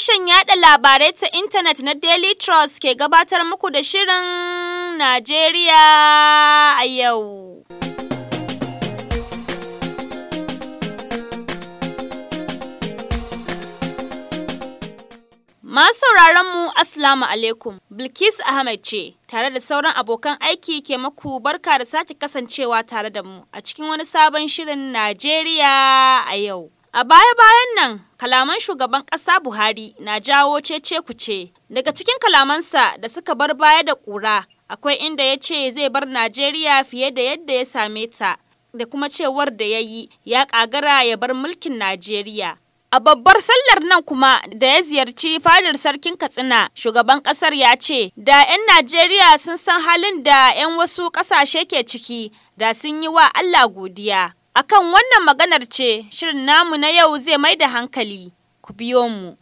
Sashen yada labarai ta intanet na Daily Trust ke gabatar muku da Shirin Najeriya a yau. Masu mu Assalamu alaikum, Bilkis Ahmed ce, tare da sauran abokan aiki ke maku barka da sake kasancewa tare da mu a cikin wani sabon shirin Najeriya a yau. A baya-bayan nan, kalaman shugaban ƙasa Buhari na jawo cece-kuce. Daga cikin kalamansa da suka bar baya da ƙura, akwai inda ya ce zai bar Najeriya fiye da yadda ya same ta, da kuma cewar da ya yi ya ƙagara ya bar mulkin Najeriya. A babbar sallar nan kuma da ya ziyarci fadar sarkin Katsina, shugaban ƙasar ya ce, da 'yan Najeriya sun san halin da 'yan wasu ƙasashe ke ciki, da sun yi wa Allah godiya. Akan wannan maganar ce shirin namu na yau zai mai da hankali ku biyo mu.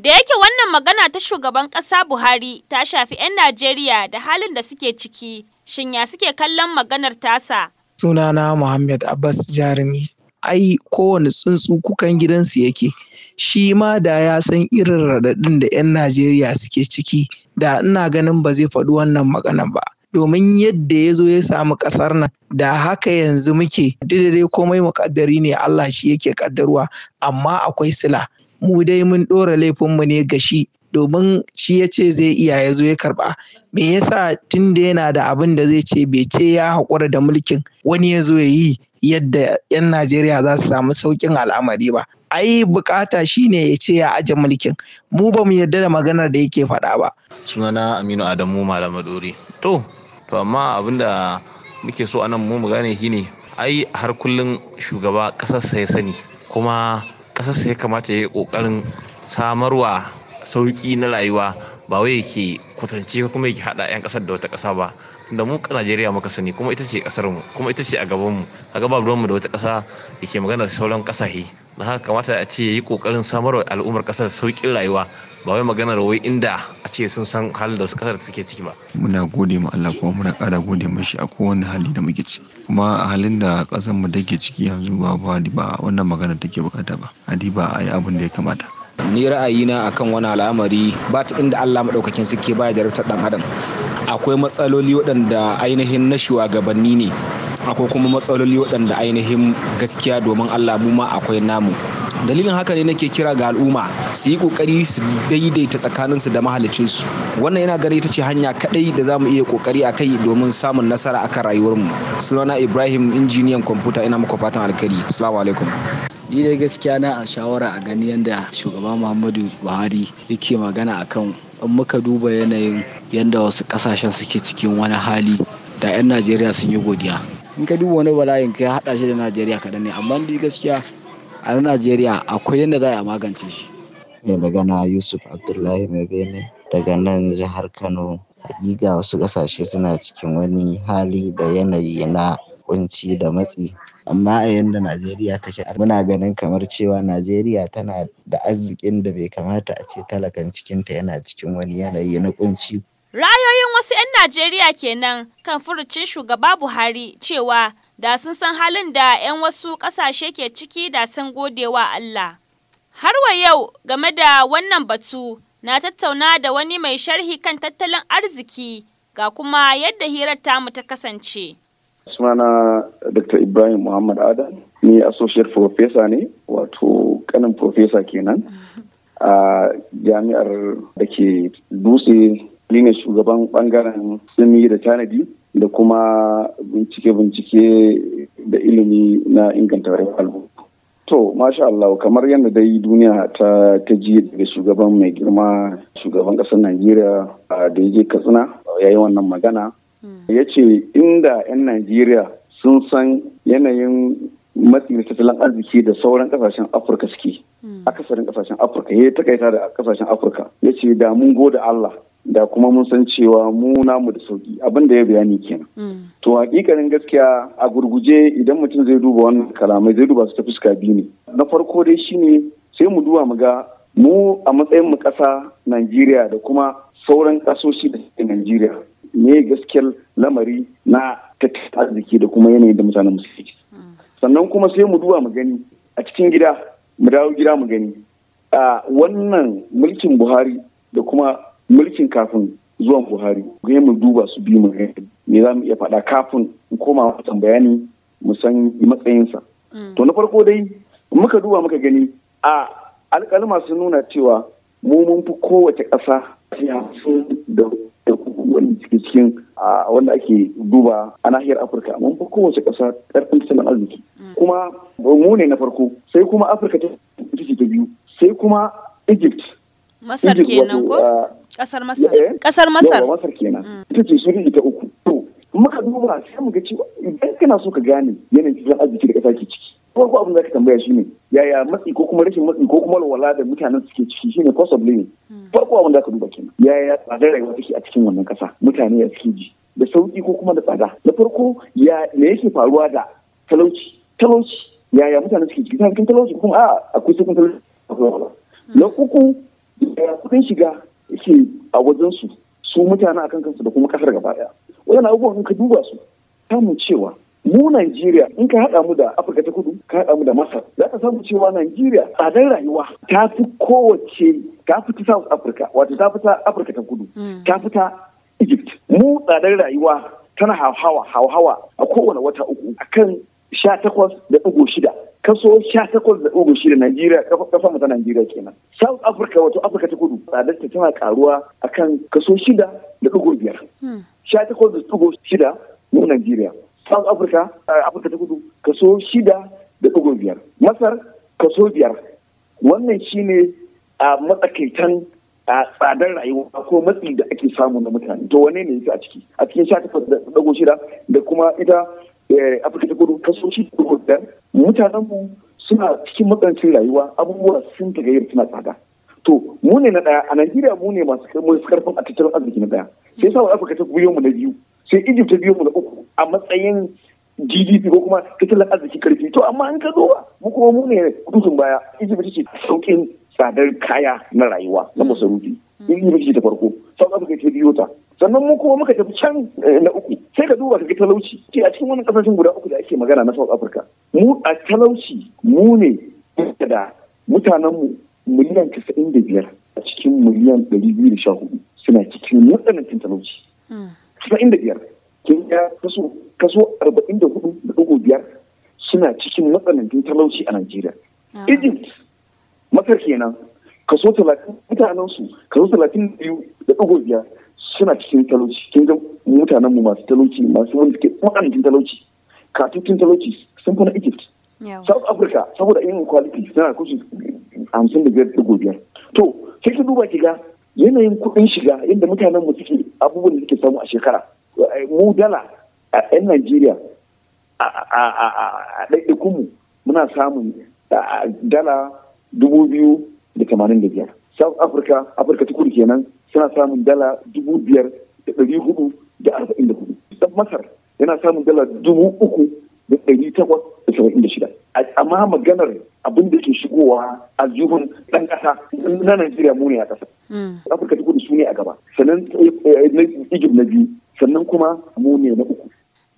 Da yake wannan magana ta shugaban ƙasa Buhari ta shafi 'yan Najeriya da halin da suke ciki, shin ya suke kallon maganar tasa? Sunana Muhammad Abbas Jarumi. Ai, kowane tsuntsu kukan gidansu yake. shi ma da ya san irin raɗaɗin da 'yan Najeriya suke ciki da ina ganin ba zai faɗi wannan magana ba. Domin yadda ya zo ya samu ƙasar nan da haka yanzu muke dai komai muƙaddari ne Allah shi yake ƙaddarwa amma akwai sila. Mu dai mun ɗora laifinmu ne ga shi domin shi ya ce zai iya ya zo ya karba me yasa tun da yana da abin da zai ce bai ce ya haƙura da mulkin wani ya zo ya yi yadda 'yan najeriya za su samu sauƙin al'amari ba ai bukata shine ya ce ya aje mulkin mu ba mu yarda da maganar da yake faɗa ba sunana aminu adamu Malam dori to to amma abin da muke so anan mu mu gane shine ai har kullum shugaba ƙasarsa ya sani kuma ƙasarsa ya kamata ya yi ƙoƙarin samarwa sauki na rayuwa ba wai yake kwatance ko kuma yake hada 'yan kasar da wata kasa ba da mu Najeriya muka sani kuma ita ce kasar mu kuma ita ce a gaban mu a gaban ruwan mu da wata kasa da ke maganar sauran kasashe na haka kamata a ce yi kokarin samar wa al'ummar kasar saukin rayuwa ba wai maganar wai inda a ce sun san halin da wasu kasar suke ciki ba. Muna gode ma Allah kuma muna ƙara gode mashi a kowane hali da muke ciki. Kuma a halin da kasar mu take ciki yanzu ba ba wannan magana take bukata ba. hadi ba a yi abin da ya kamata. ni ra'ayina akan wani al'amari ba ta inda Allah maɗaukakin suke baya jarabtar ɗan adam akwai matsaloli waɗanda ainihin na shugabanni ne akwai kuma matsaloli waɗanda ainihin gaskiya domin Allah mu ma akwai namu dalilin haka ne nake kira ga al'umma su yi kokari su daidaita tsakaninsu da su. wannan yana gani ta ce hanya kadai da za mu iya kokari a kai domin samun nasara akan rayuwarmu sunana ibrahim injiniyan kwamfuta ina muku fatan alkari assalamu alaikum ni dai gaskiya na a shawara a gani yadda shugaba muhammadu buhari yake magana akan in muka duba yanayin yadda wasu kasashen suke cikin wani hali da 'yan najeriya sun yi godiya in ka duba wani bala'in ka haɗa shi da najeriya kaɗan ne amma dai gaskiya a najeriya akwai yadda za a magance shi mai magana yusuf abdullahi mai bene daga nan jihar kano hakika wasu kasashe suna cikin wani hali da yanayi na kunci da matsi amma a yanda Najeriya take muna ganin kamar cewa Najeriya tana da arzikin da bai kamata a ce talakan cikinta yana cikin wani yanayi na kunci. Ra'ayoyin wasu 'yan Najeriya kenan kan furucin shugaba Buhari cewa da sun san halin da 'yan wasu ƙasashe ke ciki da sun gode wa Allah. Har wa yau game da wannan batu na tattauna da wani mai sharhi kan tattalin arziki ga kuma yadda hirar tamu ta kasance. Sunana Dr. Ibrahim Muhammad Adam ni associate professor ne wato kanin professor kenan a jami'ar da ke dutse ne shugaban bangaren sumi da tanadi da kuma bincike-bincike da ilimi na inganta rayuwar al'umma. To, masha Allah, kamar yadda dai duniya ta ta ji daga shugaban mai girma shugaban ƙasar Najeriya da yake Katsina yayi wannan magana ya ce inda 'yan najeriya sun san yanayin matsin tattalin arziki da sauran kasashen afirka suke hmm. akasarin kasashen afirka ya takaita da kasashen afirka ya ce da mun gode allah da kuma mun san cewa mu namu da sauki abin da ya bayani kenan hmm. to hakikanin gaskiya a gurguje idan mutum zai duba wannan kalamai zai duba su ta fuska biyu ne na farko dai shine sai mu duba mu ga mu a matsayin mu ƙasa najeriya da kuma sauran kasoshi da suke najeriya me gaskiyar lamari na tattalin arziki da kuma yanayin da mutanen suke sannan kuma sai mu duba mu gani a cikin gida mu dawo gida mu gani a wannan mulkin buhari da kuma mulkin kafin zuwan buhari sai mu duba su biyu mu me za mu iya faɗa kafin mu koma watan bayani mu san matsayinsa to na farko dai muka duba muka gani a alƙalma sun nuna cewa mu mun fi kowace ƙasa da wani cikin cikin a wanda ake duba a nahiyar afirka amma fi kowace ƙasa ƙarfin tattalin arziki mm. kuma mu ne na farko sai kuma afirka ta ta biyu sai kuma egypt masar kenan ko ƙasar masar eh? ƙasar masar masar kenan mm. ita ce shirin ita uku to muka duba sai mu ga cewa idan kana so ka gane yanayin tattalin arziki da ƙasa ke ciki farko abin da ka tambaya shine yaya matsi ko kuma rashin matsi ko kuma walwala da mutanen suke ciki shine cost of living farko abin da aka duba kenan yaya tsadar rayuwa take a cikin wannan kasa mutane ya suke ji da sauki ko kuma da tsada na farko ya me yake faruwa da talauci talauci yaya mutane suke cikin cikin talauci kuma a akwai cikin talauci na uku ya kudin shiga yake a wajen su su mutane akan kansu da kuma kasar gaba daya wannan abubuwan ka duba su mu cewa mu Najeriya in ka haɗa mu da Afirka ta Kudu ka haɗa mu da Masar za ka samu cewa Najeriya tsadar rayuwa ta fi kowace ka fita South Africa wato ta fita Africa ta kudu ka hmm. fita Egypt mu tsadar rayuwa tana hauhawa hawa a kowane wata uku akan sha takwas da ɗigo shida kaso sha takwas da ɗigo shida Najeriya kafa mata ta Najeriya kenan South Africa wato Africa ta kudu tsadar ta tana karuwa akan kaso shida da ɗigo biyar hmm. sha takwas da ɗigo shida mu Najeriya South Africa Africa ta kudu kaso shida da ɗigo biyar Masar kaso biyar wannan shine a matsakaitan a tsadar rayuwa ko matsi da ake samu na mutane to wane ne yake a ciki a cikin sha takwas da dago shida da kuma ita eh, afirka ta kudu kaso shi da mutanen mu suna cikin matsancin rayuwa abubuwa sun ta gayyar suna tsada to mu ne na daya a najeriya mu ne masu karfin a tattalin arziki na daya sai sa afirka ta biyo mu na biyu sai egypt ta biyo mu na uku a matsayin GDP ko kuma tattalin arziki karfi to amma an ka zo mu kuma mu ne kudutun baya egypt ta ce sauƙin tsadar kaya na rayuwa na hmm. masarufi in hmm. yi da farko sau afirka ce biyo ta sannan mu kuma muka tafi can eh, na uku sai ka duba ka ga talauci ke a cikin wannan kasashen guda uku da ake magana na south africa mu a talauci mu ne da mutanenmu miliyan casa'in da biyar a cikin miliyan ɗari biyu da sha hudu suna cikin matsanancin talauci hmm. casa'in da biyar kin ya kaso kaso arba'in da hudu da ɗigo biyar suna cikin matsanancin talauci a najeriya ah. egypt kasar kenan kaso talatin mutanen su kaso talatin biyu da ɗigo biyar suna cikin talauci kin ga mutanen mu masu talauci masu wanda suke tsananin talauci cikin talauci sun fi na egypt south africa saboda yin quality suna da kusa hamsin da biyar ɗigo biyar to sai ka duba ki ga yanayin kuɗin shiga yadda mutanen mu suke abubuwan da suke samu a shekara eh, mu dala a 'yan najeriya a ɗaiɗaikunmu muna samun dala dubu biyu da tamanin da biyar south africa afirka ta kudu kenan suna samun dala dubu biyar da ɗari hudu da arba'in da hudu masar yana samun dala dubu uku da ɗari takwas da saba'in da shida amma maganar abin da ke shigowa a zuhun ɗan ƙasa na najeriya mu ne a ƙasa hmm. afirka ta kudu su ne a gaba sannan eh, eh, egypt na biyu sannan kuma mu ne na uku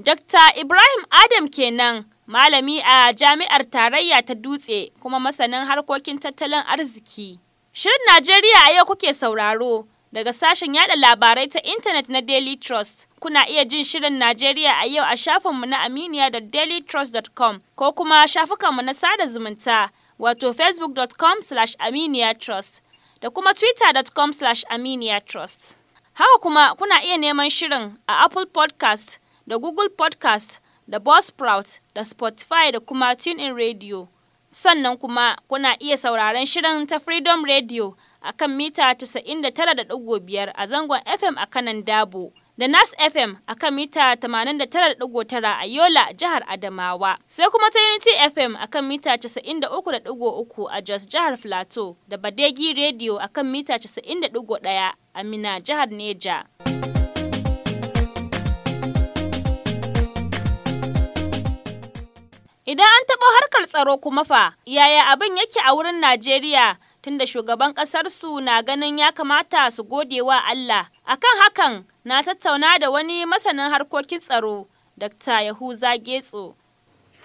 Dr. Ibrahim Adam kenan malami a Jami'ar Tarayya ta Dutse kuma masanin harkokin tattalin arziki. Shirin Najeriya a yau kuke sauraro daga sashen yada labarai ta intanet na Daily Trust. Kuna iya jin Shirin Najeriya a yau a shafinmu na aminiya da dailytrust.com ko kuma shafukanmu na sada zumunta wato facebook.com slash aminiyatrust da kuma twitter.com slash aminiyatrust. Haka kuma kuna iya neman shirin a Apple podcast da Google podcast da Buzzsprout da Spotify da kuma TuneIn Radio. Sannan kuma kuna iya sauraron shirin ta Freedom Radio a kan mita 99.5 a zangon FM a kanan Dabo. Da Nas FM a kan mita 89.9 a Yola, jihar Adamawa. Sai kuma ta Unity FM a kan mita 93.3 a Jos, jihar Filato. Da Badegi Radio a kan mita 91 a Mina, jihar Neja. ko harkar tsaro kuma fa yaya abin yake a wurin Najeriya tunda shugaban kasar na ganin ya kamata su gode wa Allah. Akan hakan na tattauna da wani masanin harkokin tsaro Dr. Yahuza Getso.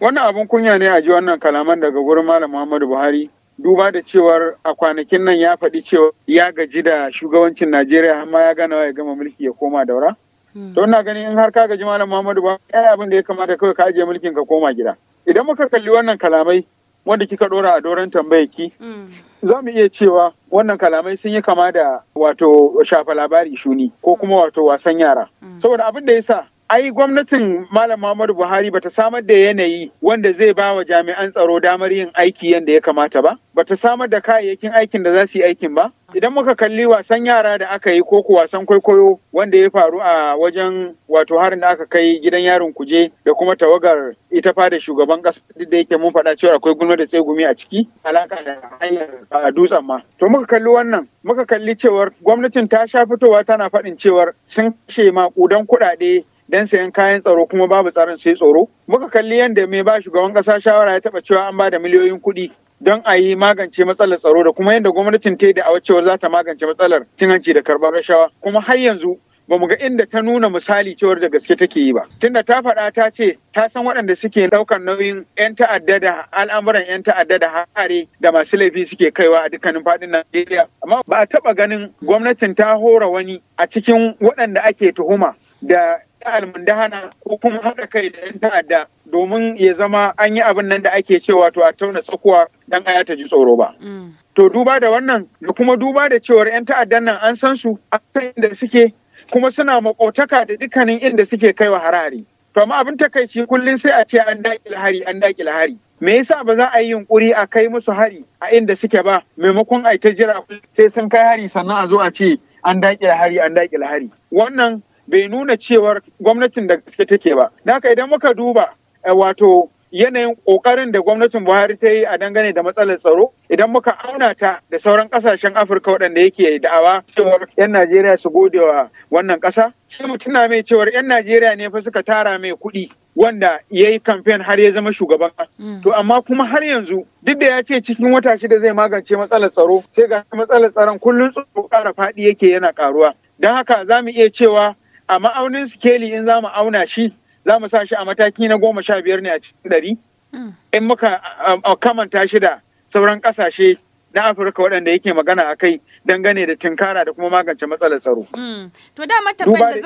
Wannan abin kunya ne a ji wannan kalaman daga wurin Malam Muhammadu Buhari. duba da cewar a kwanakin nan ya faɗi cewa ya gaji da shugabancin Najeriya amma ya gana ya gama mulki ya koma daura. Hmm. To ina ganin in har ka gaji Malam Muhammadu buhari ya abin da ya kamata kawai ka ajiye mulkin ka koma gida. idan muka kalli wannan kalamai wanda kika dora a doron tambayaki mm. za mu iya cewa wannan kalamai sun yi kama da wato shafa labari shuni ko kuma wato wasan yara mm. saboda abin da ya sa ai gwamnatin Malam Muhammadu Buhari bata samar da yanayi wanda zai ba wa jami'an tsaro damar yin aiki yadda ya kamata ba, bata samar da kayayyakin aikin da za su yi aikin ba. Idan muka kalli wasan yara da aka yi ko ku wasan kwaikwayo wanda ya faru a wajen wato harin da aka kai gidan yarin kuje da kuma tawagar ita da shugaban kasa da yake mun faɗa cewa akwai gulma da tsegumi a ciki alaka da hanyar a dutsen ma. To muka kalli wannan muka kalli cewar gwamnatin ta sha fitowa tana faɗin cewar sun kashe maƙudan kuɗaɗe don sayan kayan tsaro kuma babu tsarin sai tsoro muka kalli yadda mai ba shugaban kasa shawara ya taba cewa an ba da miliyoyin kuɗi don a yi magance matsalar tsaro da kuma yadda gwamnatin ta yi da awacewar za ta magance matsalar cin hanci da karɓar rashawa kuma har yanzu ba mu ga inda ta nuna misali cewar da gaske take yi ba tunda ta faɗa ta ce ta san waɗanda suke ɗaukar nauyin 'yan ta'adda da al'amuran 'yan ta'adda da hare da masu laifi suke kaiwa a dukkanin faɗin Najeriya amma ba a taɓa ganin gwamnatin ta hora wani a cikin waɗanda ake tuhuma da almundahana ko kuma haɗa kai da 'yan ta'adda domin ya zama an yi abin nan da ake cewa to a tauna tsakuwa dan aya ta ji tsoro ba. Mm. To duba da wannan da kuma duba da cewar 'yan ta'addan nan an san su a kan inda suke kuma suna makotaka da dukkanin inda suke wa harare. To amma abin takaici kullum sai a ce an daƙile hari an daƙile hari. Me yasa ba za a yi yunkuri a kai musu hari a inda suke ba maimakon a ta jira sai sun kai hari sannan a zo a ce an daƙile hari an daƙile hari. Wannan bai nuna cewar gwamnatin da gaske take ba. Naka idan muka duba eh, wato yanayin kokarin da gwamnatin Buhari ta yi a dangane da matsalar tsaro idan muka auna ta da sauran kasashen Afirka waɗanda yake da'awa cewar 'yan Najeriya su gode wa wannan ƙasa. Sai mu tuna mai cewar 'yan Najeriya ne fa suka tara mai kuɗi wanda ya yi kamfen har ya zama shugaban mm. to amma kuma har yanzu duk da ya ce cikin wata shida zai magance matsalar tsaro sai ga matsalar tsaron kullum tsoro ƙara faɗi yake yana karuwa. don haka za mu iya cewa a ma'aunin sikeli in za mu auna shi za mu sa shi a mataki na goma sha biyar ne a cikin ɗari hmm. in muka um, um, kamanta shi da sauran kasashe na afirka waɗanda yake magana a kai dangane da tinkara da kuma magance matsalar tsaro. Hmm. to da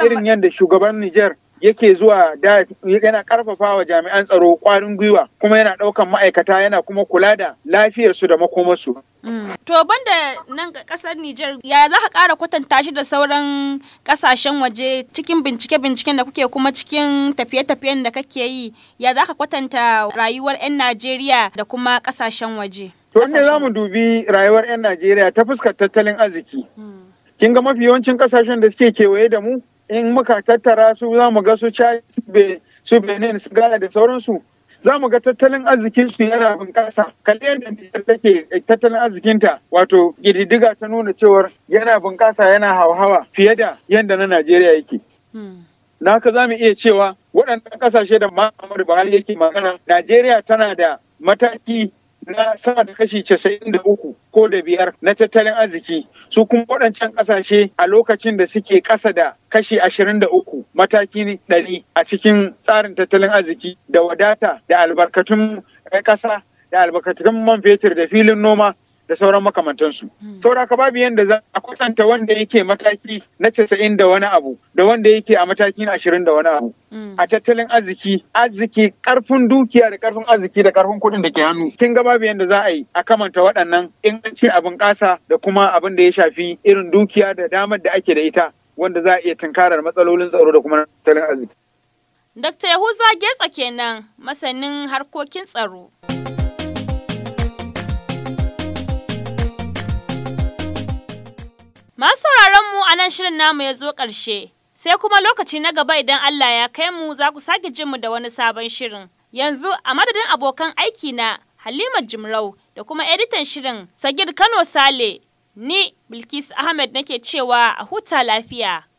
irin yadda shugaban nijar. yake zuwa da yana karfafa wa jami'an tsaro kwarin gwiwa kuma yana daukan ma'aikata yana kuma kula da lafiyarsu da makomarsu. Mm. To banda nan kasar Nijar ya za ka kara kwatanta shi da sauran kasashen waje cikin bincike-binciken da kuke kuma cikin tafiye-tafiyen da kake yi ya za ka kwatanta rayuwar 'yan Najeriya da kuma kasashen waje. To ne za mu dubi rayuwar 'yan Najeriya ta fuskar tattalin arziki. Mm. Kin ga mafi yawancin kasashen da suke kewaye da mu in muka tattara su za mu ga su cibe su benin su da sauransu za mu ga tattalin arzikin su yana bunƙasa kalli yadda Nijar take tattalin arzikinta wato ƙididdiga ta nuna cewar yana bunƙasa yana hauhawa fiye da yadda na Najeriya yake. Hmm. Na haka za mu iya cewa waɗannan ƙasashe da maamar Buhari yake magana Najeriya tana da mataki na sama da kashi casa'in da uku ko da biyar na tattalin arziki su kuma waɗancan ƙasashe a lokacin da suke ƙasa da kashi ashirin da uku mataki ɗari a cikin tsarin tattalin arziki da wadata da albarkatun ƙasa da albarkatun man fetur da filin noma da sauran makamantansu. Hmm. Saura ka babu yadda za a kwatanta wanda yake mataki na casa'in da wani abu da wanda yake a mataki na ashirin da wani abu. Hmm. A tattalin arziki, arziki karfin dukiya da karfin arziki da karfin kuɗin da ke hannu. Kin ga babu yadda za a yi a kamanta waɗannan in an ce abin ƙasa da kuma abin da ya shafi irin dukiya da damar da ake da ita wanda za a iya tunkarar matsalolin tsaro da kuma tattalin arziki. Dr. Yahuza Getsa kenan masanin harkokin tsaro. Masu sauraron mu a nan shirin namu ya zo ƙarshe, sai kuma lokaci na gaba idan Allah ya kai mu za ku sake jin mu da wani sabon shirin. Yanzu a madadin abokan aiki na Halima Jimrau da kuma editan shirin Sagir Kano Sale, ni Bilkis Ahmed nake cewa a huta lafiya.